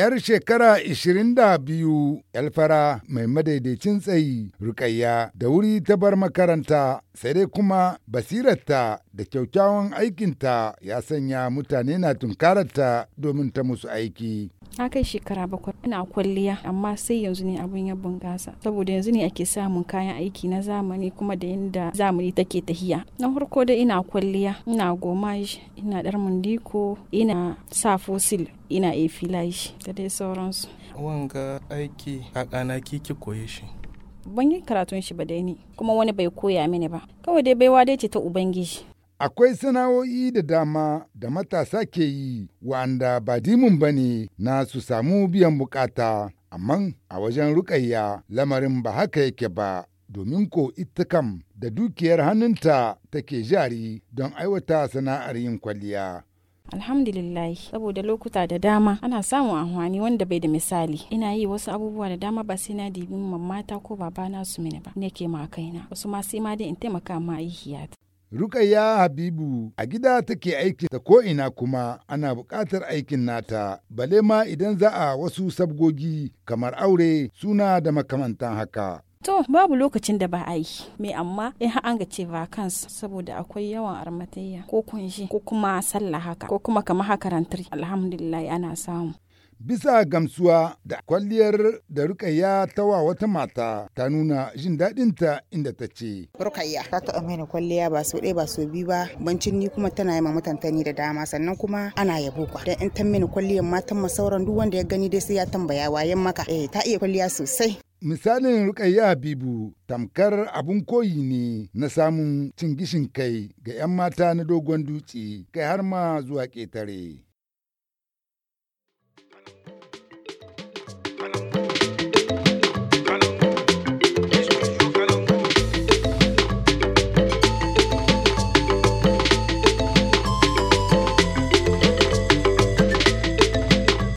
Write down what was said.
'yar shekara 22 fara mai madaidaicin tsayi rukayya da wuri ta bar makaranta sai dai kuma basirarta da kyaukyawan aikinta ya sanya mutane na tunkararta domin ta musu aiki na kai shekara bakwai ina kwalliya amma sai yanzu ne abun ya bunkasa saboda yanzu ne ake samun kayan aiki na zamani kuma da yadda zamani take tahiya na farko da ina kwalliya ina gomaji ina dar mundiko ina sa fosil ina efilashi da dai sauransu wanga aiki a kana kiki koye shi ban yi karatun shi ba dai ni kuma wani bai koya mini ba kawai dai baiwa dai ce ta ubangiji Akwai sana'o'i da dama da matasa ke yi wa'anda ba dimun ba ne na su samu biyan bukata, amma a wajen rukayya lamarin ba haka yake ba, domin ko ita kam da dukiyar hannunta take jari don aiwata sana'ar yin kwalliya. alhamdulillahi saboda lokuta da dama ana samun amfani wanda bai da misali ina yi wasu abubuwa da dama ba sai na dibin mamata ko babana su mini ba ne ke ma kaina wasu ma sai ma dai in taimaka ma Rukayya Habibu a gida take aiki ta ko'ina kuma ana buƙatar aikin nata, bale ma idan za a wasu sabgogi kamar aure suna da makamantan haka. To babu lokacin da ba a yi, me amma in an ga ce vacance saboda akwai yawan armatayya ko kunshi ko kuma sallah haka ko kuma kamar haka rantari alhamdulillah ana samu. Bisa gamsuwa da kwalliyar da Rukayya ta wa wata mata ta nuna jin daɗinta inda ta ce. Rukayya ta taɓa mini kwalliya ba sau ɗaya ba su biyu ba bancin ni kuma tana yi ma ni da dama sannan kuma ana yabo kwa. Da in ta mini kwalliyar matan masauran duk wanda ya gani dai sai ya tambaya wayan maka. Eh ta iya kwalliya sosai. Misalin Rukayya Habibu tamkar abun koyi ne na samun cin gishin kai ga 'yan mata na dogon dutse kai har ma zuwa ƙetare.